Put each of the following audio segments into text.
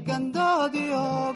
gandoodiyo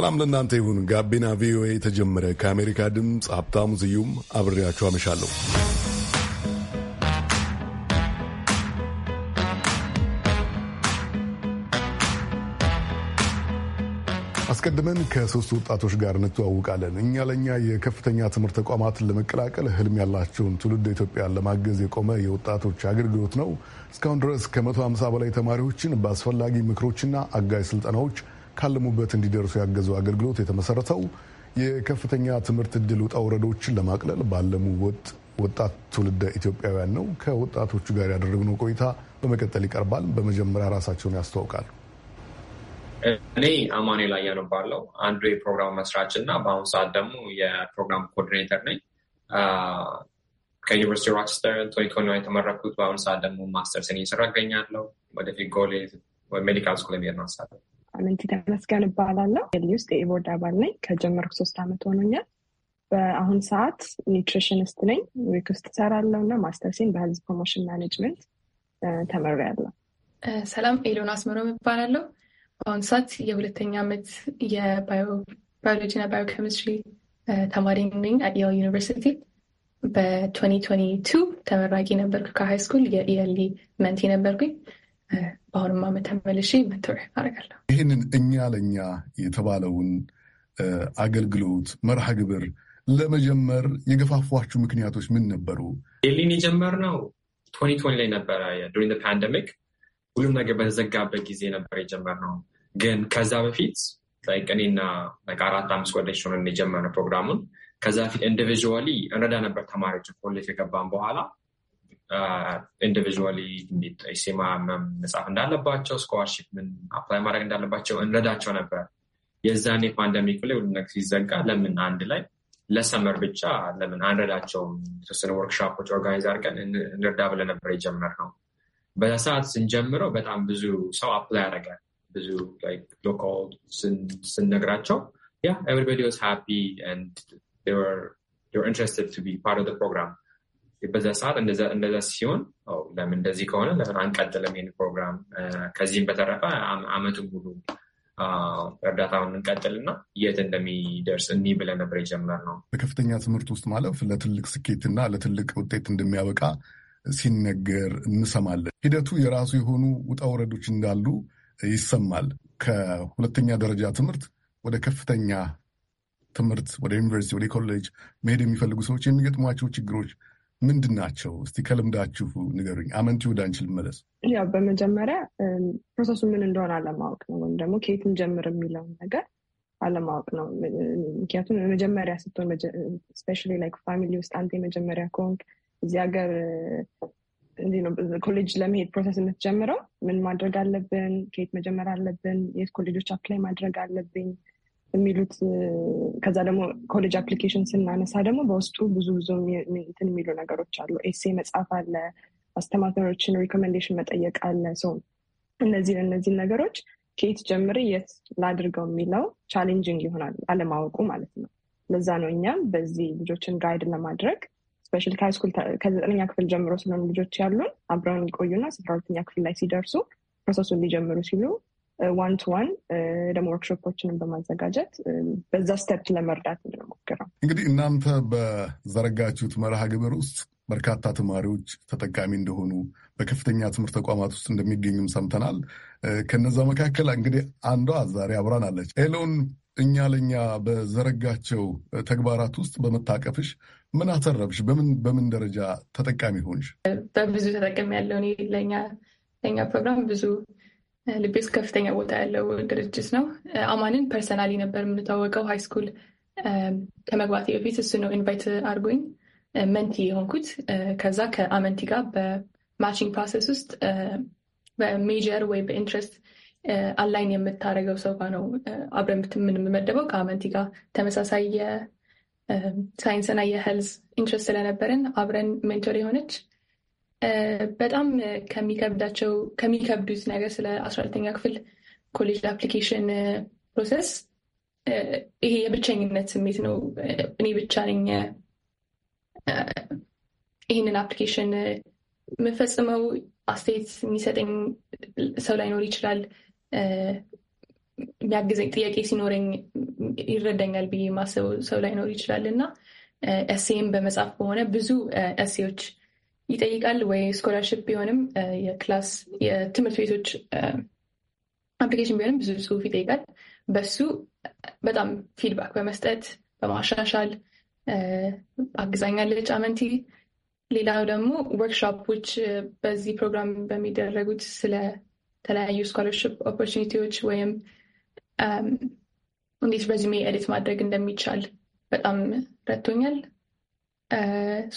ሰላም ለእናንተ ይሁን። ጋቢና ቪኦኤ የተጀመረ ከአሜሪካ ድምፅ ሀብታሙ ስዩም አብሬያችሁ አመሻለሁ። አስቀድመን ከሶስት ወጣቶች ጋር እንተዋውቃለን። እኛ ለእኛ የከፍተኛ ትምህርት ተቋማትን ለመቀላቀል ህልም ያላቸውን ትውልድ ኢትዮጵያን ለማገዝ የቆመ የወጣቶች አገልግሎት ነው። እስካሁን ድረስ ከመቶ 150 በላይ ተማሪዎችን በአስፈላጊ ምክሮችና አጋዥ ስልጠናዎች ካለሙበት እንዲደርሱ ያገዘው አገልግሎት የተመሰረተው የከፍተኛ ትምህርት እድል ውጣ ውረዶችን ለማቅለል ባለሙ ወጥ ወጣት ትውልደ ኢትዮጵያውያን ነው። ከወጣቶቹ ጋር ያደረግነው ቆይታ በመቀጠል ይቀርባል። በመጀመሪያ ራሳቸውን ያስተዋውቃሉ። እኔ አማኔ ላይ ያነባለው አንዱ የፕሮግራም መስራች እና በአሁኑ ሰዓት ደግሞ የፕሮግራም ኮኦርዲኔተር ነኝ። ከዩኒቨርሲቲ ሮችስተር ኢኮኖሚ የተመረኩት በአሁኑ ሰዓት ደግሞ ማስተርስን እየሰራ እገኛለሁ። ወደፊት ጎሌ ሜዲካል ስኩል የሚሄድ ነው። አመንቲ ተመስገን እባላለሁ። ዴልሂ ውስጥ የኢቦርድ አባል ነኝ። ከጀመርኩ ሶስት አመት ሆኖኛል። በአሁን ሰዓት ኒውትሪሽኒስት ነኝ። ዊክ ውስጥ እሰራለሁ እና ማስተርሴን በህዝብ ፕሮሞሽን ማኔጅመንት ተመሪያለሁ። ሰላም ኤሎን አስመሮ እባላለሁ። በአሁን ሰዓት የሁለተኛ ዓመት የባዮሎጂና ባዮኬሚስትሪ ተማሪ ነኝ አት ኢየል ዩኒቨርሲቲ። በ2022 ተመራቂ ነበርኩ ከሃይ ስኩል የኢየሊ መንቲ ነበርኩኝ። በአሁንም ዓመት ተመልሼ መተው አደርጋለሁ። ይህንን እኛ ለእኛ የተባለውን አገልግሎት መርሃ ግብር ለመጀመር የገፋፏችሁ ምክንያቶች ምን ነበሩ? ዴሊን የጀመርነው ቶኒ ላይ ነበረ። ዱሪንግ ፓንደሚክ ሁሉም ነገር በተዘጋበት ጊዜ ነበር የጀመርነው። ግን ከዛ በፊት እኔና አራት አምስት ወደች ሆነ የጀመርነው ፕሮግራሙን። ከዛ በፊት ኢንዲቪዥዋሊ እንረዳ ነበር ተማሪዎች ኮሌጅ ከገባን በኋላ ኢንዲቪዥዋሊ ሴማ መጻፍ እንዳለባቸው ስኮላርሺፕ ምን አፕላይ ማድረግ እንዳለባቸው እንረዳቸው ነበር። የዛኔ ፓንደሚክ ላይ ሁሉ ነገር ሲዘጋ ለምን አንድ ላይ ለሰመር ብቻ ለምን አንረዳቸውም? የተወሰነ ወርክሾፖች ኦርጋናይዝ አድርገን እንርዳ ብለን ነበር የጀመርነው። በዛ ሰዓት ስንጀምረው በጣም ብዙ ሰው አፕላይ ያደርጋል። ብዙ ሎካል ስንነግራቸው ያ ኤቨሪባዲ ዋዝ ሃፒ ኢንትረስትድ ቱ ቢ ፓርት ኦፍ ፕሮግራም በዛ ሰዓት እንደዛ ሲሆን ለምን እንደዚህ ከሆነ ለምን አንቀጥልም ይህን ፕሮግራም ከዚህም በተረፈ አመቱ ሙሉ እርዳታውን እንቀጥልና የት እንደሚደርስ እኒህ ብለን ነበር የጀመርነው። በከፍተኛ ትምህርት ውስጥ ማለፍ ለትልቅ ስኬትና ለትልቅ ውጤት እንደሚያበቃ ሲነገር እንሰማለን። ሂደቱ የራሱ የሆኑ ውጣ ውረዶች እንዳሉ ይሰማል። ከሁለተኛ ደረጃ ትምህርት ወደ ከፍተኛ ትምህርት ወደ ዩኒቨርሲቲ፣ ወደ ኮሌጅ መሄድ የሚፈልጉ ሰዎች የሚገጥሟቸው ችግሮች ምንድን ናቸው? እስቲ ከልምዳችሁ ንገሩኝ። አመንቲ ወደ አንቺ ልመለስ። ያው በመጀመሪያ ፕሮሰሱ ምን እንደሆነ አለማወቅ ነው፣ ወይም ደግሞ ከየት እንጀምር የሚለውን ነገር አለማወቅ ነው። ምክንያቱም መጀመሪያ ስትሆን ስፔሻሊ ላይክ ፋሚሊ ውስጥ አንተ የመጀመሪያ ከሆንክ እዚህ ሀገር እንዲህ ነው ኮሌጅ ለመሄድ ፕሮሰስ የምትጀምረው ምን ማድረግ አለብን፣ ከየት መጀመር አለብን፣ የት ኮሌጆች አፕላይ ማድረግ አለብኝ የሚሉት ከዛ ደግሞ ኮሌጅ አፕሊኬሽን ስናነሳ ደግሞ በውስጡ ብዙ ብዙ እንትን የሚሉ ነገሮች አሉ። ኤሴ መጻፍ አለ፣ አስተማሪዎችን ሪኮሜንዴሽን መጠየቅ አለ። ሰው እነዚህ እነዚህ ነገሮች ከየት ጀምሬ የት ላድርገው የሚለው ቻሌንጅንግ ይሆናል አለማወቁ ማለት ነው። ለዛ ነው እኛም በዚህ ልጆችን ጋይድ ለማድረግ ስፔሻል ከሃይስኩል ከዘጠነኛ ክፍል ጀምሮ ስለሆኑ ልጆች ያሉን አብረውን ሊቆዩና አስራ ሁለተኛ ክፍል ላይ ሲደርሱ ፕሮሰሱን ሊጀምሩ ሲሉ ዋን ቱ ዋን ደግሞ ወርክሾፖችንም በማዘጋጀት um, በዛ ስቴፕ ለመርዳት የምንሞክረው። እንግዲህ እናንተ በዘረጋችሁት መርሃ ግብር ውስጥ በርካታ ተማሪዎች ተጠቃሚ እንደሆኑ በከፍተኛ ትምህርት ተቋማት ውስጥ እንደሚገኙም ሰምተናል። uh, ከነዛ መካከል እንግዲህ አንዷ ዛሬ አብራን አለች። እኛ ለእኛ በዘረጋቸው ተግባራት ውስጥ በመታቀፍሽ ምን አተረብሽ? በምን ደረጃ ተጠቃሚ ሆንሽ? በብዙ ተጠቅሜያለሁ። ለእኛ ፕሮግራም ብዙ ልቤ ውስጥ ከፍተኛ ቦታ ያለው ድርጅት ነው። አማንን ፐርሰናሊ ነበር የምንታወቀው ሃይስኩል ከመግባቴ በፊት እሱ ነው ኢንቫይት አድርጎኝ መንቲ የሆንኩት። ከዛ ከአመንቲ ጋር በማቺንግ ፕሮሰስ ውስጥ በሜጀር ወይ በኢንትረስት አላይን የምታደርገው ሰው ጋር ነው አብረን የምንመደበው። ከአመንቲ ጋር ተመሳሳይ የሳይንስና የሄልዝ ኢንትረስት ስለነበረን አብረን ሜንቶር የሆነች በጣም ከሚከብዳቸው ከሚከብዱት ነገር ስለ አስራ ሁለተኛ ክፍል ኮሌጅ አፕሊኬሽን ፕሮሰስ ይሄ የብቸኝነት ስሜት ነው። እኔ ብቻ ነኝ ይህንን አፕሊኬሽን የምፈጽመው። አስተያየት የሚሰጠኝ ሰው ላይኖር ይችላል። የሚያግዘኝ ጥያቄ ሲኖረኝ ይረዳኛል ብዬ ማሰብ ሰው ላይኖር ይችላል እና ኤሴም በመጻፍ በሆነ ብዙ ኤሴዎች ይጠይቃል ወይ ስኮላርሽፕ ቢሆንም የክላስ የትምህርት ቤቶች አፕሊኬሽን ቢሆንም ብዙ ጽሁፍ ይጠይቃል። በሱ በጣም ፊድባክ በመስጠት በማሻሻል አግዛኛለች አመንቲ። ሌላው ደግሞ ወርክሾፖች በዚህ ፕሮግራም በሚደረጉት ስለ ተለያዩ ስኮላርሽፕ ኦፖርቹኒቲዎች ወይም እንዴት ረዚሜ ኤዲት ማድረግ እንደሚቻል በጣም ረቶኛል።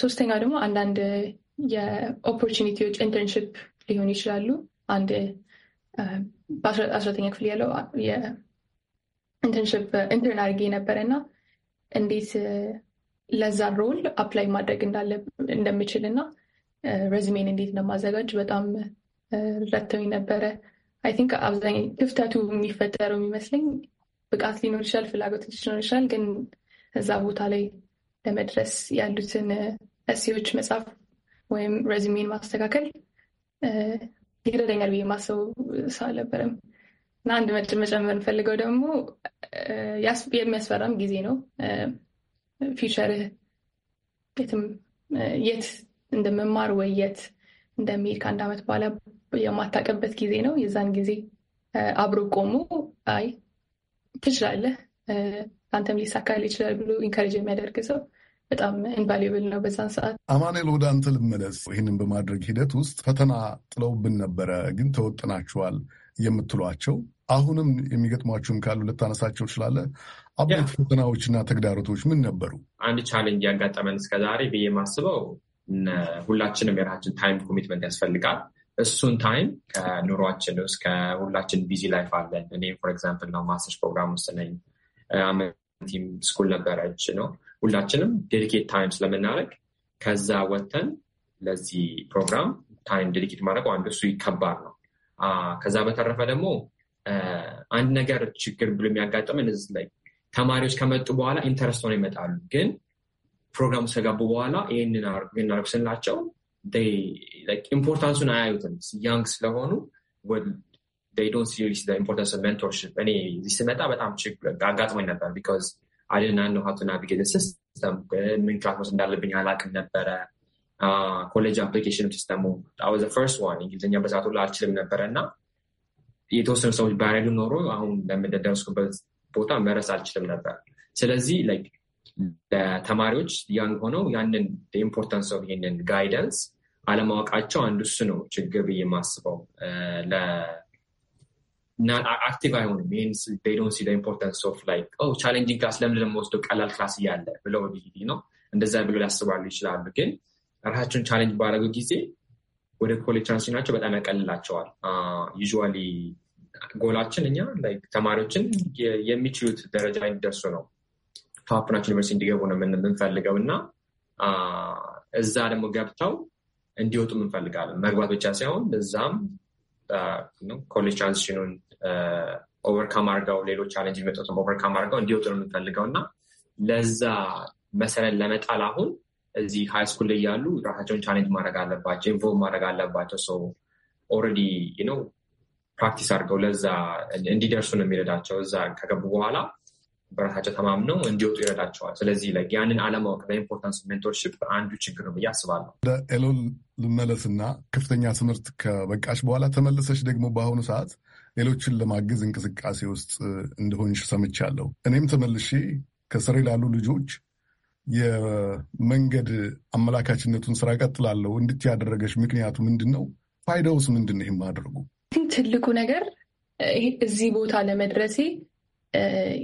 ሶስተኛው ደግሞ አንዳንድ የኦፖርቹኒቲዎች ኢንተርንሽፕ ሊሆኑ ይችላሉ። አንድ በአስራተኛ ክፍል ያለው ኢንተርንሽፕ ኢንተርን አድርጌ ነበረ እና እንዴት ለዛ ሮል አፕላይ ማድረግ እንደምችል እና ረዝሜን እንዴት እንደማዘጋጅ በጣም ረተው ነበረ። አይ ቲንክ አብዛኛው ክፍተቱ የሚፈጠረው የሚመስለኝ ብቃት ሊኖር ይችላል፣ ፍላጎት ሊኖር ይችላል፣ ግን እዛ ቦታ ላይ ለመድረስ ያሉትን እሴዎች መጽሐፍ ወይም ረዝሜን ማስተካከል ይረደኛል ብዬ ማሰቡ ሰው አልነበረም እና አንድ መጨመር እንፈልገው ደግሞ የሚያስፈራም ጊዜ ነው። ፊውቸርህ የት እንደመማር ወይ የት እንደሚሄድ ከአንድ ዓመት በኋላ የማታውቅበት ጊዜ ነው። የዛን ጊዜ አብሮ ቆሞ አይ ትችላለህ፣ አንተም ሊሳካል ይችላል ብሎ ኢንካሬጅ የሚያደርግ ሰው በጣም ኢንቫሉብል ነው በዛ ሰዓት። አማኔል ወደ አንተ ልመለስ። ይህንን በማድረግ ሂደት ውስጥ ፈተና ጥለውብን ነበረ፣ ግን ተወጥናችኋል የምትሏቸው አሁንም የሚገጥሟችሁም ካሉ ልታነሳቸው ትችላለህ? አበይት እና ተግዳሮቶች ምን ነበሩ? አንድ ቻሌንጅ ያጋጠመን እስከዛሬ ብዬ የማስበው ሁላችንም የራችን ታይም ኮሚትመንት ያስፈልጋል። እሱን ታይም ከኑሯችን ውስጥ ከሁላችን ቢዚ ላይፍ አለን። እኔ ፎር ኤግዛምፕል ነው ማስተርስ ፕሮግራም ውስጥ ነኝ። አመንቲም ስኩል ነበረች ነው ሁላችንም ዴዲኬት ታይም ስለምናደርግ ከዛ ወተን ለዚህ ፕሮግራም ታይም ዴዲኬት ማድረግ አንዱ እሱ ይከባድ ነው። ከዛ በተረፈ ደግሞ አንድ ነገር ችግር ብሎ የሚያጋጥመን እዚህ ላይ ተማሪዎች ከመጡ በኋላ ኢንተረስት ሆነው ይመጣሉ። ግን ፕሮግራሙ ከገቡ በኋላ ይህንን እናደርግ ስንላቸው ኢምፖርታንሱን አያዩትም። ያንግ ስለሆኑ ኢምፖርታንስ ሜንቶርሽፕ እኔ እዚህ ስመጣ በጣም ችግር አጋጥሞኝ ነበር ቢኮዝ I didn't know how to ምን ክላስ እንዳለብኝ አላቅም ነበረ። ኮሌጅ አፕሊኬሽን ሲስተሙ አወዝ ዘ ፈርስት ዋን እንግሊዝኛ በሰዓቱ አልችልም ነበረ እና የተወሰኑ ሰዎች ባያሉ ኖሮ አሁን ለምደደረስኩበት ቦታ መረስ አልችልም ነበር። ስለዚህ ለተማሪዎች ያንግ ሆነው ያንን ኢምፖርታንስ ኦፍ ይህንን ጋይደንስ አለማወቃቸው አንዱ እሱ ነው ችግር ብዬ የማስበው active አይሆንም። ይህን they don't see the importance of like oh challenging class ለምንድን ነው ቀላል ክላስ እያለ ብለው ነው እንደዛ ብሎ ሊያስባሉ ይችላሉ። ግን ራሳቸውን ቻሌንጅ ባደረጉ ጊዜ ወደ ኮሌጅ ትራንዚሽናቸው በጣም ያቀልላቸዋል። ዩዥዋሊ ጎላችን እኛ ተማሪዎችን የሚችሉት ደረጃ እንዲደርሱ ነው፣ ቶፕናቸው ዩኒቨርሲቲ እንዲገቡ ነው የምንፈልገው እና እዛ ደግሞ ገብተው እንዲወጡ እንፈልጋለን። መግባት ብቻ ሳይሆን እዛም ኮሌጅ ትራንዚሽኑን ኦቨርካም አድርገው ሌሎች ቻለንጅ የሚመጡትም ኦቨርካም አድርገው እንዲወጡ ነው የምንፈልገው እና ለዛ መሰረት ለመጣል አሁን እዚህ ሃይስኩል ላይ ያሉ ራሳቸውን ቻለንጅ ማድረግ አለባቸው፣ ኢንቮልቭ ማድረግ አለባቸው። ሰው ኦልሬዲ ነው ፕራክቲስ አድርገው ለዛ እንዲደርሱ ነው የሚረዳቸው። እዛ ከገቡ በኋላ በራሳቸው ተማምነው እንዲወጡ ይረዳቸዋል። ስለዚህ ያንን አለማወቅ በኢምፖርታንስ ሜንቶርሽፕ አንዱ ችግር ነው ብዬ አስባለሁ። ወደ ኤሎን ልመለስና ከፍተኛ ትምህርት ከበቃሽ በኋላ ተመልሰሽ ደግሞ በአሁኑ ሰዓት ሌሎችን ለማገዝ እንቅስቃሴ ውስጥ እንደሆንሽ ሰምቻለሁ። እኔም ተመልሼ ከስሬ ላሉ ልጆች የመንገድ አመላካችነቱን ስራ ቀጥላለሁ። እንድት ያደረገች ምክንያቱ ምንድን ነው? ፋይዳውስ ምንድን ነው? ይህም ማድረጉ ትልቁ ነገር እዚህ ቦታ ለመድረሴ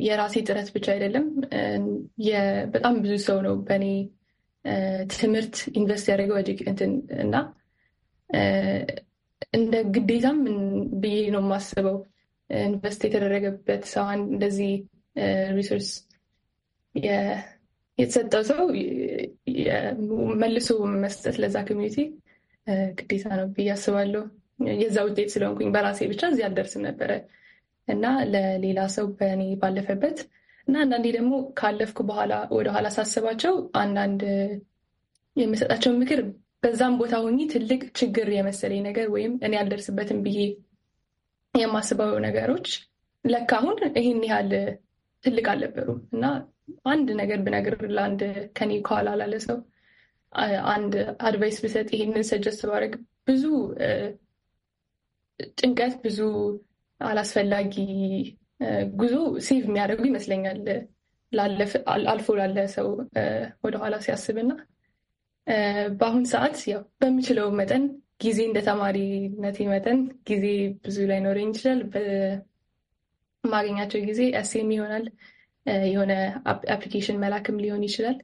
የራሴ ጥረት ብቻ አይደለም። በጣም ብዙ ሰው ነው በእኔ ትምህርት ኢንቨስት ያደረገው እና እንደ ግዴታም ብዬ ነው የማስበው። ኢንቨስት የተደረገበት ሰው እንደዚህ ሪሶርስ የተሰጠው ሰው መልሶ መስጠት ለዛ ኮሚኒቲ ግዴታ ነው ብዬ አስባለሁ። የዛ ውጤት ስለሆንኩኝ በራሴ ብቻ እዚህ አልደርስም ነበረ እና ለሌላ ሰው በእኔ ባለፈበት እና አንዳንዴ ደግሞ ካለፍኩ በኋላ ወደኋላ ሳስባቸው አንዳንድ የምሰጣቸውን ምክር በዛም ቦታ ሆኚ ትልቅ ችግር የመሰለኝ ነገር ወይም እኔ አልደርስበትም ብዬ የማስበው ነገሮች ለካ አሁን ይህን ያህል ትልቅ አልነበሩም እና አንድ ነገር ብነግር ለአንድ ከኔ ከኋላ ላለ ሰው አንድ አድቫይስ ብሰጥ ይህንን ሰጀስት ባደርግ ብዙ ጭንቀት፣ ብዙ አላስፈላጊ ጉዞ ሴቭ የሚያደርጉ ይመስለኛል አልፎ ላለ ሰው ወደኋላ ሲያስብና በአሁን ሰዓት ያው በምችለው መጠን ጊዜ እንደ ተማሪነት መጠን ጊዜ ብዙ ላይኖረኝ ይችላል። በማገኛቸው ጊዜ ኤሴም ይሆናል፣ የሆነ አፕሊኬሽን መላክም ሊሆን ይችላል።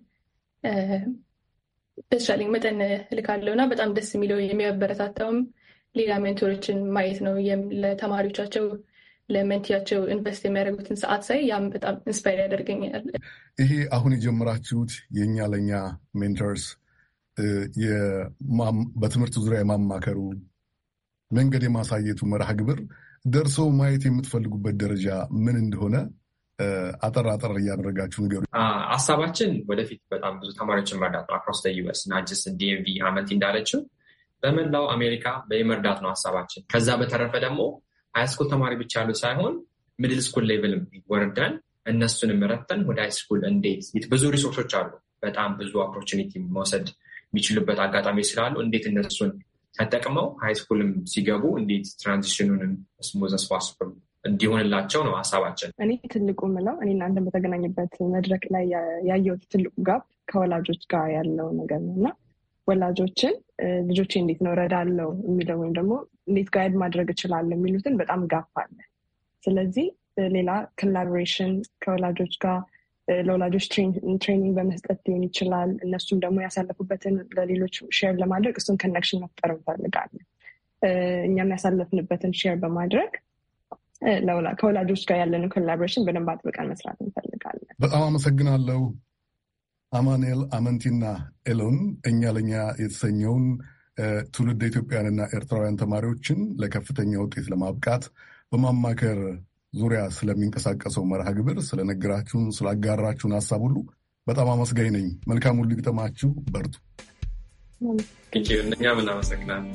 በተቻለኝ መጠን እልካለሁ እና በጣም ደስ የሚለው የሚያበረታታውም ሌላ ሜንቶሮችን ማየት ነው። ለተማሪዎቻቸው ለመንቲያቸው ኢንቨስት የሚያደርጉትን ሰዓት ሳይ ያም በጣም ኢንስፓይር ያደርገኛል። ይሄ አሁን የጀመራችሁት የእኛ ለእኛ ሜንተርስ በትምህርት ዙሪያ የማማከሩ መንገድ የማሳየቱ መርሃ ግብር ደርሶ ማየት የምትፈልጉበት ደረጃ ምን እንደሆነ አጠር አጠር እያደረጋችሁ ንገሩ። ሀሳባችን ወደፊት በጣም ብዙ ተማሪዎችን መርዳት ነው። አክሮስ ዩስ ናጅስ ዲኤምቪ አመት እንዳለችው በመላው አሜሪካ በየመርዳት ነው ሀሳባችን። ከዛ በተረፈ ደግሞ ሃይስኩል ተማሪ ብቻ ያሉ ሳይሆን ሚድል ስኩል ሌቭልም ወርደን እነሱንም ረተን ወደ ሃይስኩል እንዴት ብዙ ሪሶርሶች አሉ። በጣም ብዙ ኦፖርቹኒቲ መውሰድ የሚችሉበት አጋጣሚ ስላሉ እንዴት እነሱን ተጠቅመው ሃይስኩልም ሲገቡ እንዴት ትራንዚሽኑንም ስሞዘ እንዲሆንላቸው ነው ሀሳባችን። እኔ ትልቁ ምለው እኔ እናንተ በተገናኝበት መድረክ ላይ ያየሁት ትልቁ ጋብ ከወላጆች ጋር ያለው ነገር ነው እና ወላጆችን ልጆቼ እንዴት ነው ረዳለው የሚለው ወይም ደግሞ እንዴት ጋይድ ማድረግ እችላለሁ የሚሉትን በጣም ጋፕ አለ። ስለዚህ ሌላ ኮላቦሬሽን ከወላጆች ጋር ለወላጆች ትሬኒንግ በመስጠት ሊሆን ይችላል። እነሱም ደግሞ ያሳለፉበትን ለሌሎች ሼር ለማድረግ እሱን ከነክሽን መፍጠር እንፈልጋለን። እኛም ያሳለፍንበትን ሼር በማድረግ ከወላጆች ጋር ያለንን ኮላቦሬሽን በደንብ አጥብቀን መስራት እንፈልጋለን። በጣም አመሰግናለሁ። አማንኤል አመንቲና ኤሎን እኛ ለኛ የተሰኘውን ትውልድ ኢትዮጵያውያንና ኤርትራውያን ተማሪዎችን ለከፍተኛ ውጤት ለማብቃት በማማከር ዙሪያ ስለሚንቀሳቀሰው መርሃ ግብር ስለነገራችሁን፣ ስላጋራችሁን ሀሳብ ሁሉ በጣም አመስጋኝ ነኝ። መልካም ሁሉ ይግጠማችሁ፣ በርቱ። እኛም እናመሰግናለን።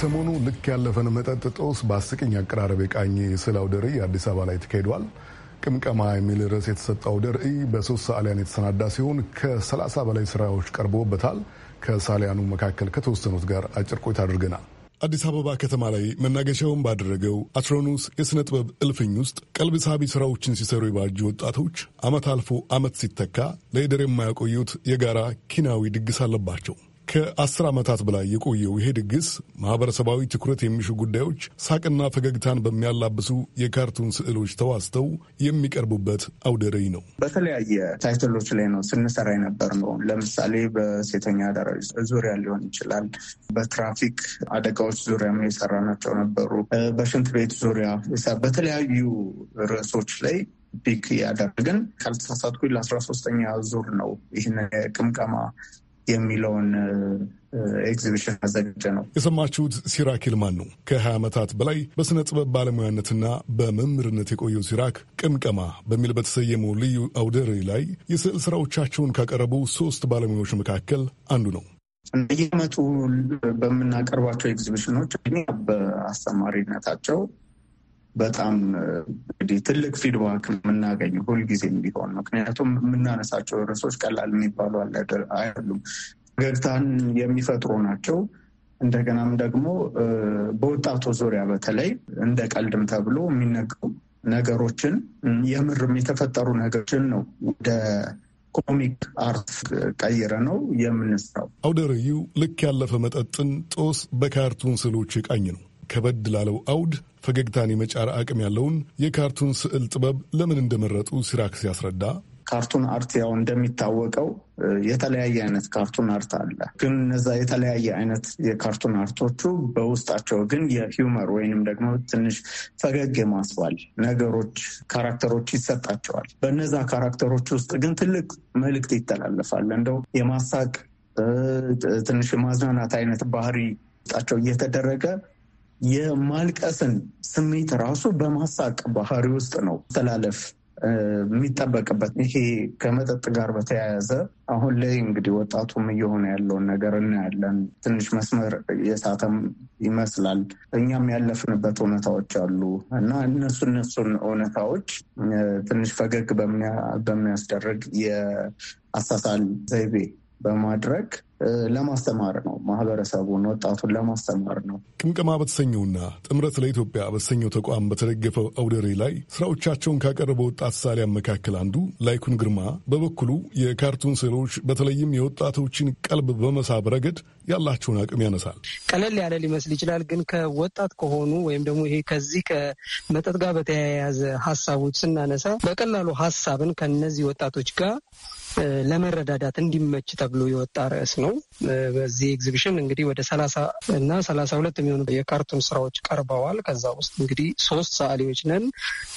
ከሰሞኑ ልክ ያለፈን መጠጥ ጦስ በአስቂኝ አቀራረብ የቃኘ የስዕል አውደ ርዕይ አዲስ አበባ ላይ ተካሂዷል። ቅምቀማ የሚል ርዕስ የተሰጠው አውደ ርዕይ በሶስት ሰዓሊያን የተሰናዳ ሲሆን ከ30 በላይ ስራዎች ቀርቦበታል። ከሳሊያኑ መካከል ከተወሰኑት ጋር አጭር ቆይታ አድርገናል። አዲስ አበባ ከተማ ላይ መናገሻውን ባደረገው አትሮኖስ የሥነ ጥበብ እልፍኝ ውስጥ ቀልብ ሳቢ ሥራዎችን ሲሰሩ የባጁ ወጣቶች ዓመት አልፎ ዓመት ሲተካ ለይደር የማያቆዩት የጋራ ኪናዊ ድግስ አለባቸው። ከአስር ዓመታት በላይ የቆየው ይሄ ድግስ ማኅበረሰባዊ ትኩረት የሚሹ ጉዳዮች ሳቅና ፈገግታን በሚያላብሱ የካርቱን ስዕሎች ተዋዝተው የሚቀርቡበት አውደ ርዕይ ነው። በተለያየ ታይትሎች ላይ ነው ስንሰራ የነበር ነው። ለምሳሌ በሴተኛ አዳሪዎች ዙሪያ ሊሆን ይችላል። በትራፊክ አደጋዎች ዙሪያ የሰራናቸው ነበሩ። በሽንት ቤት ዙሪያ በተለያዩ ርዕሶች ላይ ፒክ ያደረግን ካልተሳሳትኩኝ ለአስራ ሶስተኛ ዙር ነው ይህን የቅምቀማ የሚለውን ኤግዚቢሽን አዘጋጀ ነው። የሰማችሁት ሲራክ ይልማን ነው። ዓመታት በላይ በሥነ ጥበብ ባለሙያነትና በመምህርነት የቆየው ሲራክ ቅምቀማ በሚል በተሰየመው ልዩ አውደ ርዕይ ላይ የስዕል ስራዎቻቸውን ካቀረቡ ሶስት ባለሙያዎች መካከል አንዱ ነው። በየዓመቱ በምናቀርባቸው ኤግዚቢሽኖች በአስተማሪነታቸው በጣም እንግዲህ ትልቅ ፊድባክ የምናገኝ ሁልጊዜም ቢሆን ምክንያቱም የምናነሳቸው ርዕሶች ቀላል የሚባሉ አይደሉም። ፈገግታን የሚፈጥሩ ናቸው። እንደገናም ደግሞ በወጣቱ ዙሪያ በተለይ እንደ ቀልድም ተብሎ የሚነገሩ ነገሮችን የምርም የተፈጠሩ ነገሮችን ነው ወደ ኮሚክ አርት ቀይረ ነው የምንስራው። አውደ ርዕዩ ልክ ያለፈ መጠጥን ጦስ በካርቱን ስዕሎች የቃኝ ነው። ከበድ ላለው አውድ ፈገግታን የመጫር አቅም ያለውን የካርቱን ስዕል ጥበብ ለምን እንደመረጡ ሲራክስ ሲያስረዳ ካርቱን አርት ያው እንደሚታወቀው የተለያየ አይነት ካርቱን አርት አለ። ግን እነዛ የተለያየ አይነት የካርቱን አርቶቹ በውስጣቸው ግን የሂውመር ወይንም ደግሞ ትንሽ ፈገግ የማስባል ነገሮች ካራክተሮች ይሰጣቸዋል። በነዛ ካራክተሮች ውስጥ ግን ትልቅ መልእክት ይተላለፋል። እንደው የማሳቅ ትንሽ የማዝናናት አይነት ባህሪ ውስጣቸው እየተደረገ የማልቀስን ስሜት ራሱ በማሳቅ ባህሪ ውስጥ ነው ተላለፍ የሚጠበቅበት። ይሄ ከመጠጥ ጋር በተያያዘ አሁን ላይ እንግዲህ ወጣቱም እየሆነ ያለውን ነገር እናያለን። ትንሽ መስመር የሳተም ይመስላል። እኛም ያለፍንበት እውነታዎች አሉ እና እነሱ እነሱን እውነታዎች ትንሽ ፈገግ በሚያስደርግ የአሳሳል ዘይቤ በማድረግ ለማስተማር ነው። ማህበረሰቡን ወጣቱን ለማስተማር ነው። ቅምቅማ በተሰኘውና ጥምረት ለኢትዮጵያ በተሰኘው ተቋም በተደገፈው አውደሬ ላይ ስራዎቻቸውን ካቀረበ ወጣት ሰዓሊያን መካከል አንዱ ላይኩን ግርማ በበኩሉ የካርቱን ስዕሎች በተለይም የወጣቶችን ቀልብ በመሳብ ረገድ ያላቸውን አቅም ያነሳል። ቀለል ያለ ሊመስል ይችላል፣ ግን ከወጣት ከሆኑ ወይም ደግሞ ይሄ ከዚህ ከመጠጥ ጋር በተያያዘ ሀሳቦች ስናነሳ በቀላሉ ሀሳብን ከነዚህ ወጣቶች ጋር ለመረዳዳት እንዲመች ተብሎ የወጣ ርዕስ ነው። በዚህ ኤግዚቢሽን እንግዲህ ወደ ሰላሳ እና ሰላሳ ሁለት የሚሆኑ የካርቱን ስራዎች ቀርበዋል። ከዛ ውስጥ እንግዲህ ሶስት ሰዓሊዎች ነን።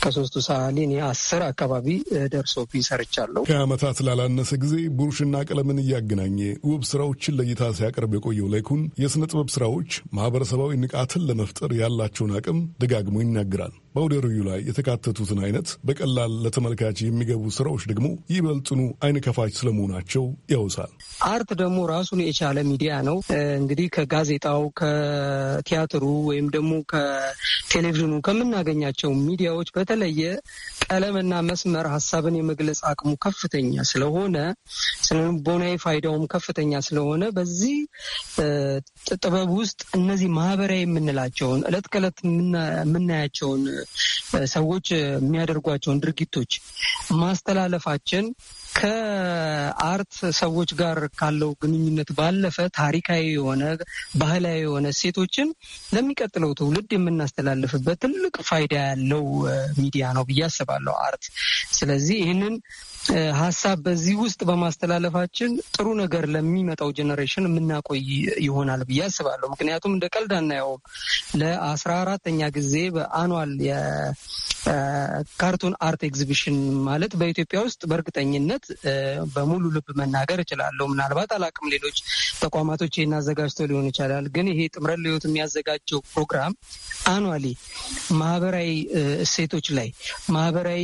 ከሶስቱ ሰዓሊ እኔ አስር አካባቢ ደርሶ ሰርቻለሁ። ከአመታት ላላነሰ ጊዜ ብሩሽና ቀለምን እያገናኘ ውብ ስራዎችን ለእይታ ሲያቀርብ የቆየው ላይኩን የስነ ጥበብ ስራዎች ማህበረሰባዊ ንቃትን ለመፍጠር ያላቸውን አቅም ደጋግሞ ይናገራል። በአውደ ርዕዩ ላይ የተካተቱትን አይነት በቀላል ለተመልካች የሚገቡ ስራዎች ደግሞ ይበልጥኑ አይን ከፋች ስለመሆናቸው ያውሳል። አርት ደግሞ ራሱን የቻለ ሚዲያ ነው። እንግዲህ ከጋዜጣው፣ ከቲያትሩ ወይም ደግሞ ከቴሌቪዥኑ ከምናገኛቸው ሚዲያዎች በተለየ ቀለምና መስመር ሀሳብን የመግለጽ አቅሙ ከፍተኛ ስለሆነ ስነልቦናዊ ፋይዳውም ከፍተኛ ስለሆነ በዚህ ጥበብ ውስጥ እነዚህ ማህበራዊ የምንላቸውን እለት ከእለት የምናያቸውን ሰዎች የሚያደርጓቸውን ድርጊቶች ማስተላለፋችን ከአርት ሰዎች ጋር ካለው ግንኙነት ባለፈ ታሪካዊ የሆነ ባህላዊ የሆነ እሴቶችን ለሚቀጥለው ትውልድ የምናስተላልፍበት ትልቅ ፋይዳ ያለው ሚዲያ ነው ብዬ አስባለሁ አርት። ስለዚህ ይህንን ሀሳብ በዚህ ውስጥ በማስተላለፋችን ጥሩ ነገር ለሚመጣው ጀኔሬሽን የምናቆይ ይሆናል ብዬ አስባለሁ። ምክንያቱም እንደ ቀልድ አናየውም። ለአስራ አራተኛ ጊዜ በአኗል የካርቱን አርት ኤግዚቢሽን ማለት በኢትዮጵያ ውስጥ በእርግጠኝነት ተቋማት በሙሉ ልብ መናገር እችላለሁ። ምናልባት አላቅም፣ ሌሎች ተቋማቶች ይህን አዘጋጅተው ሊሆን ይችላል። ግን ይሄ ጥምረት ለሕይወት የሚያዘጋጀው ፕሮግራም አኗሊ ማህበራዊ እሴቶች ላይ ማህበራዊ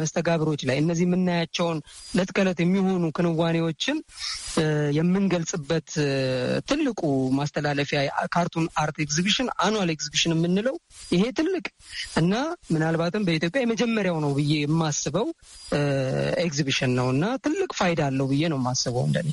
መስተጋብሮች ላይ እነዚህ የምናያቸውን ዕለት ከዕለት የሚሆኑ ክንዋኔዎችን የምንገልጽበት ትልቁ ማስተላለፊያ ካርቱን አርት ኤግዚቢሽን አኗል ኤግዚቢሽን የምንለው ይሄ ትልቅ እና ምናልባትም በኢትዮጵያ የመጀመሪያው ነው ብዬ የማስበው ኤግዚቢሽን ነው። እና ትልቅ ፋይዳ አለው ብዬ ነው የማስበው እንደኔ።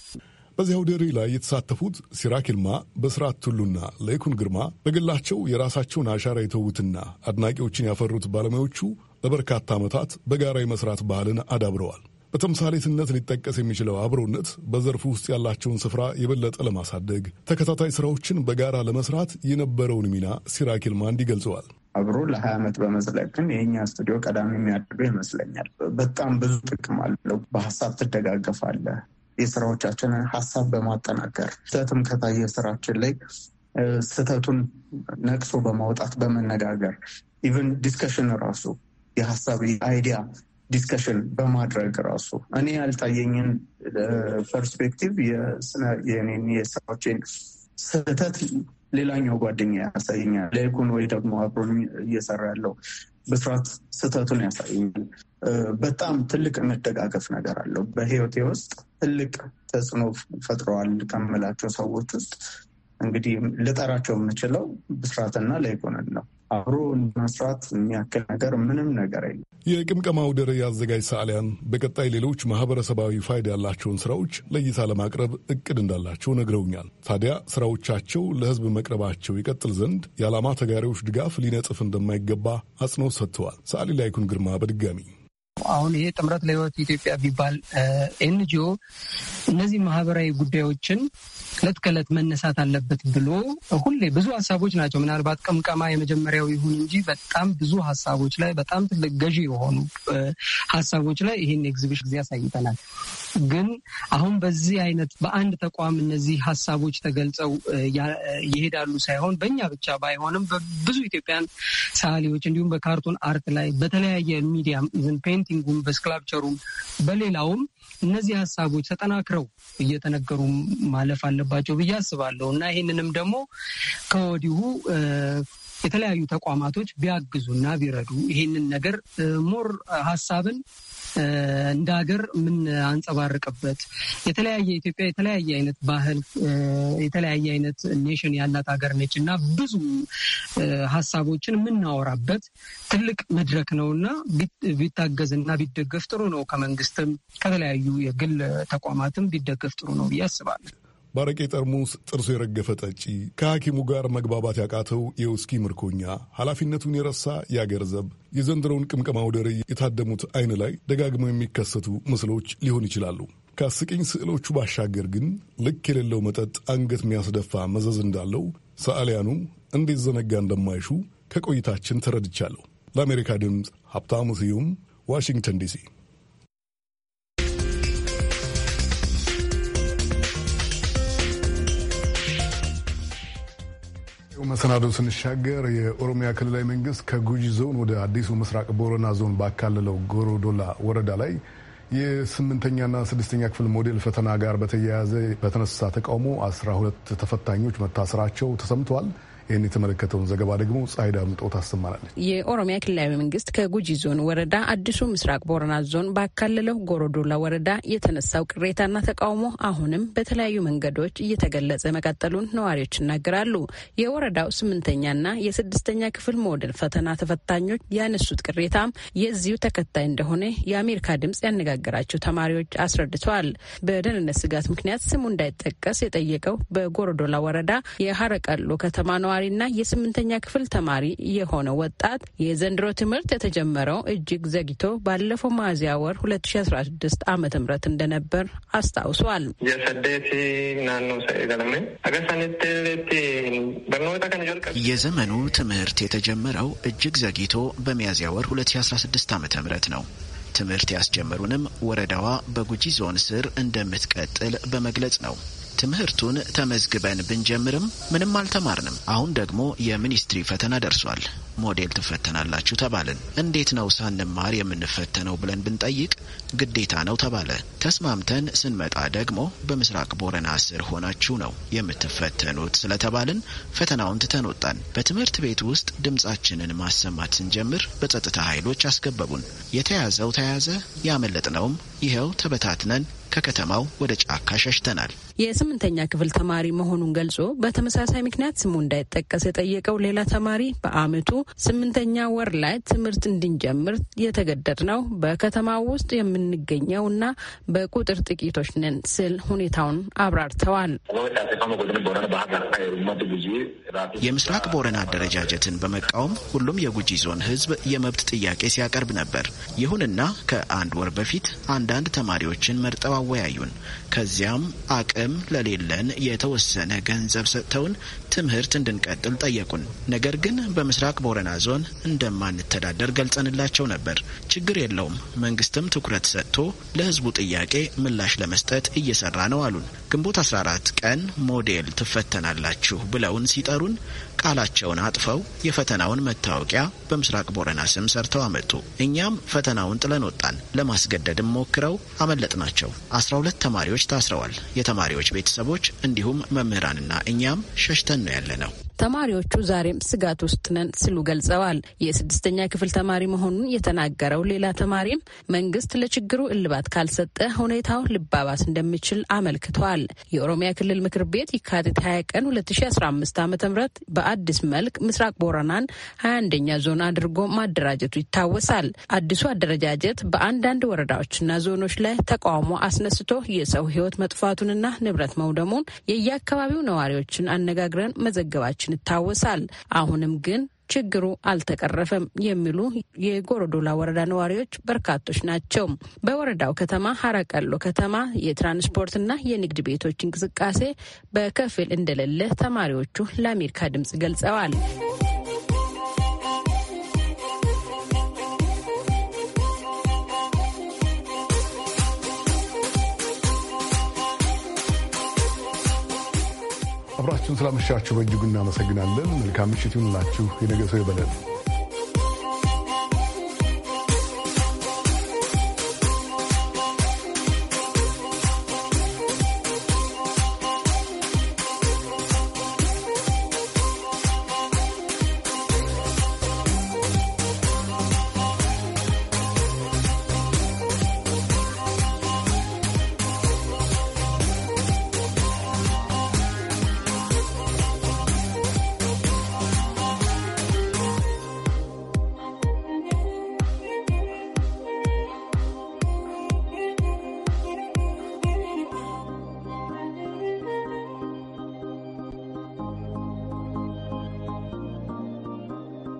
በዚህ አውደ ርዕይ ላይ የተሳተፉት ሲራክ ይልማ፣ በስርዓት ቱሉና ለይኩን ግርማ በግላቸው የራሳቸውን አሻራ የተዉትና አድናቂዎችን ያፈሩት ባለሙያዎቹ ለበርካታ ዓመታት በጋራ የመስራት ባህልን አዳብረዋል። በተምሳሌትነት ሊጠቀስ የሚችለው አብሮነት በዘርፉ ውስጥ ያላቸውን ስፍራ የበለጠ ለማሳደግ ተከታታይ ስራዎችን በጋራ ለመስራት የነበረውን ሚና ሲራክ ይልማ እንዲህ ገልጸዋል። አብሮ ለሀያ ዓመት በመዝለቅ ግን የኛ ስቱዲዮ ቀዳሚ የሚያደርገው ይመስለኛል። በጣም ብዙ ጥቅም አለው። በሀሳብ ትደጋገፋለ። የስራዎቻችንን ሀሳብ በማጠናከር ስህተትም ከታየ ስራችን ላይ ስህተቱን ነቅሶ በማውጣት በመነጋገር ኢቨን ዲስከሽን ራሱ የሀሳብ አይዲያ ዲስከሽን በማድረግ ራሱ እኔ ያልታየኝን ፐርስፔክቲቭ የስራዎችን ስህተት ሌላኛው ጓደኛ ያሳየኛል። ላይኩን ወይ ደግሞ አብሮ እየሰራ ያለው ብስራት ስህተቱን ያሳየኛል። በጣም ትልቅ መደጋገፍ ነገር አለው። በህይወቴ ውስጥ ትልቅ ተጽዕኖ ፈጥረዋል ከምላቸው ሰዎች ውስጥ እንግዲህ ልጠራቸው የምችለው ብስራትና ላይኩንን ነው። አብሮ መስራት የሚያክል ነገር ምንም ነገር የለም። የቅምቀማ ውደር አዘጋጅ ሰዓሊያን በቀጣይ ሌሎች ማህበረሰባዊ ፋይዳ ያላቸውን ስራዎች ለእይታ ለማቅረብ እቅድ እንዳላቸው ነግረውኛል። ታዲያ ስራዎቻቸው ለህዝብ መቅረባቸው ይቀጥል ዘንድ የዓላማ ተጋሪዎች ድጋፍ ሊነጥፍ እንደማይገባ አጽንኦት ሰጥተዋል። ሰዓሊ ላይኩን ግርማ በድጋሚ አሁን ይሄ ጥምረት ለህይወት ኢትዮጵያ ቢባል ኤንጂኦ እነዚህ ማህበራዊ ጉዳዮችን እለት ከእለት መነሳት አለበት ብሎ ሁሌ ብዙ ሀሳቦች ናቸው። ምናልባት ቅምቀማ የመጀመሪያው ይሁን እንጂ በጣም ብዙ ሀሳቦች ላይ በጣም ትልቅ ገዢ የሆኑ ሀሳቦች ላይ ይህን ኤግዚቢሽን ጊዜ ያሳይተናል። ግን አሁን በዚህ አይነት በአንድ ተቋም እነዚህ ሀሳቦች ተገልጸው ይሄዳሉ ሳይሆን በእኛ ብቻ ባይሆንም በብዙ ኢትዮጵያን ሰዓሊዎች እንዲሁም በካርቱን አርት ላይ በተለያየ ሚዲያ ፔንት በፔንቲንጉም፣ በስክላፕቸሩም፣ በሌላውም እነዚህ ሀሳቦች ተጠናክረው እየተነገሩ ማለፍ አለባቸው ብዬ አስባለሁ እና ይህንንም ደግሞ ከወዲሁ የተለያዩ ተቋማቶች ቢያግዙና ቢረዱ ይህንን ነገር ሞር ሀሳብን እንደ ሀገር የምናንጸባርቅበት የተለያየ ኢትዮጵያ የተለያየ አይነት ባህል የተለያየ አይነት ኔሽን ያላት ሀገር ነች እና ብዙ ሀሳቦችን የምናወራበት ትልቅ መድረክ ነው እና ቢታገዝ እና ቢደገፍ ጥሩ ነው። ከመንግስትም ከተለያዩ የግል ተቋማትም ቢደገፍ ጥሩ ነው ብዬ አስባለሁ። ባረቄ ጠርሙስ፣ ጥርሱ የረገፈ ጠጪ፣ ከሐኪሙ ጋር መግባባት ያቃተው የውስኪ ምርኮኛ፣ ኃላፊነቱን የረሳ የአገር ዘብ፣ የዘንድሮውን ቅምቀማ ውደር የታደሙት አይን ላይ ደጋግመው የሚከሰቱ ምስሎች ሊሆን ይችላሉ። ከአስቂኝ ስዕሎቹ ባሻገር ግን ልክ የሌለው መጠጥ አንገት የሚያስደፋ መዘዝ እንዳለው ሰዓሊያኑም እንዴት ዘነጋ እንደማይሹ ከቆይታችን ተረድቻለሁ። ለአሜሪካ ድምፅ ሀብታሙ ስዩም ዋሽንግተን ዲሲ ወደሚቀጥለው መሰናዶ ስንሻገር የኦሮሚያ ክልላዊ መንግስት ከጉጂ ዞን ወደ አዲሱ ምስራቅ ቦረና ዞን ባካለለው ጎሮዶላ ወረዳ ላይ የስምንተኛና ስድስተኛ ክፍል ሞዴል ፈተና ጋር በተያያዘ በተነሳ ተቃውሞ አስራ ሁለት ተፈታኞች መታሰራቸው ተሰምተዋል። ይህን የተመለከተውን ዘገባ ደግሞ ፀሐይ ዳምጦ ታሰማናለች። የኦሮሚያ ክልላዊ መንግስት ከጉጂ ዞን ወረዳ አዲሱ ምስራቅ ቦረና ዞን ባካለለው ጎሮዶላ ወረዳ የተነሳው ቅሬታና ተቃውሞ አሁንም በተለያዩ መንገዶች እየተገለጸ መቀጠሉን ነዋሪዎች ይናገራሉ። የወረዳው ስምንተኛና የስድስተኛ ክፍል ሞዴል ፈተና ተፈታኞች ያነሱት ቅሬታ የዚሁ ተከታይ እንደሆነ የአሜሪካ ድምጽ ያነጋገራቸው ተማሪዎች አስረድተዋል። በደህንነት ስጋት ምክንያት ስሙ እንዳይጠቀስ የጠየቀው በጎሮዶላ ወረዳ የሀረቀሎ ከተማ ነዋሪ ተማሪና የስምንተኛ ክፍል ተማሪ የሆነ ወጣት የዘንድሮ ትምህርት የተጀመረው እጅግ ዘግይቶ ባለፈው ሚያዝያ ወር 2016 ዓ ም እንደነበር አስታውሷል። የዘመኑ ትምህርት የተጀመረው እጅግ ዘግይቶ በሚያዝያ ወር 2016 ዓ ም ነው። ትምህርት ያስጀመሩንም ወረዳዋ በጉጂ ዞን ስር እንደምትቀጥል በመግለጽ ነው። ትምህርቱን ተመዝግበን ብንጀምርም ምንም አልተማርንም። አሁን ደግሞ የሚኒስትሪ ፈተና ደርሷል። ሞዴል ትፈተናላችሁ ተባልን። እንዴት ነው ሳንማር የምንፈተነው ብለን ብንጠይቅ ግዴታ ነው ተባለ። ተስማምተን ስንመጣ ደግሞ በምስራቅ ቦረና ስር ሆናችሁ ነው የምትፈተኑት ስለተባልን ፈተናውን ትተን ወጣን። በትምህርት ቤት ውስጥ ድምፃችንን ማሰማት ስንጀምር በጸጥታ ኃይሎች አስገበቡን። የተያዘው ተያዘ፣ ያመለጥነውም ይኸው ተበታትነን ከከተማው ወደ ጫካ ሸሽተናል። የስምንተኛ ክፍል ተማሪ መሆኑን ገልጾ በተመሳሳይ ምክንያት ስሙ እንዳይጠቀስ የጠየቀው ሌላ ተማሪ በአመቱ ስምንተኛ ወር ላይ ትምህርት እንድንጀምር ነው በከተማ ውስጥ የምንገኘው እና በቁጥር ጥቂቶች ነን ስል ሁኔታውን አብራርተዋል። የምስራቅ ቦረና አደረጃጀትን በመቃወም ሁሉም የጉጂ ዞን ህዝብ የመብት ጥያቄ ሲያቀርብ ነበር። ይሁንና ከአንድ ወር በፊት አንዳንድ ተማሪዎችን መርጠው አወያዩን። ከዚያም አቅም ለሌለን የተወሰነ ገንዘብ ሰጥተውን ትምህርት እንድንቀጥል ጠየቁን። ነገር ግን በምስራቅ ቦረና ዞን እንደማንተዳደር ገልጸንላቸው ነበር። ችግር የለውም፣ መንግስትም ትኩረት ሰጥቶ ለህዝቡ ጥያቄ ምላሽ ለመስጠት እየሰራ ነው አሉን። ግንቦት 14 ቀን ሞዴል ትፈተናላችሁ ብለውን ሲጠሩን ቃላቸውን አጥፈው የፈተናውን መታወቂያ በምስራቅ ቦረና ስም ሰርተው አመጡ። እኛም ፈተናውን ጥለን ወጣን። ለማስገደድም ሞክረው አመለጥናቸው። አስራ ሁለት ተማሪዎች ታስረዋል። የተማሪዎች ቤተሰቦች እንዲሁም መምህራንና እኛም ሸሽተን ነው ያለ ነው። ተማሪዎቹ ዛሬም ስጋት ውስጥ ነን ሲሉ ገልጸዋል። የስድስተኛ ክፍል ተማሪ መሆኑን የተናገረው ሌላ ተማሪም መንግስት ለችግሩ እልባት ካልሰጠ ሁኔታው ልባባስ እንደሚችል አመልክተዋል። የኦሮሚያ ክልል ምክር ቤት የካቲት 20 ቀን 2015 ዓ ም በአዲስ መልክ ምስራቅ ቦረናን 21ኛ ዞን አድርጎ ማደራጀቱ ይታወሳል። አዲሱ አደረጃጀት በአንዳንድ ወረዳዎችና ዞኖች ላይ ተቃውሞ አስነስቶ የሰው ህይወት መጥፋቱንና ንብረት መውደሙን የየአካባቢው ነዋሪዎችን አነጋግረን መዘገባችን ይታወሳል። አሁንም ግን ችግሩ አልተቀረፈም የሚሉ የጎረዶላ ወረዳ ነዋሪዎች በርካቶች ናቸው። በወረዳው ከተማ ሀረቀሎ ከተማ የትራንስፖርትና የንግድ ቤቶች እንቅስቃሴ በከፊል እንደሌለ ተማሪዎቹ ለአሜሪካ ድምጽ ገልጸዋል። አብራችሁን ስላመሻችሁ በእጅጉ እናመሰግናለን። መልካም ምሽት ይሁንላችሁ። የነገ ሰው ይበለን።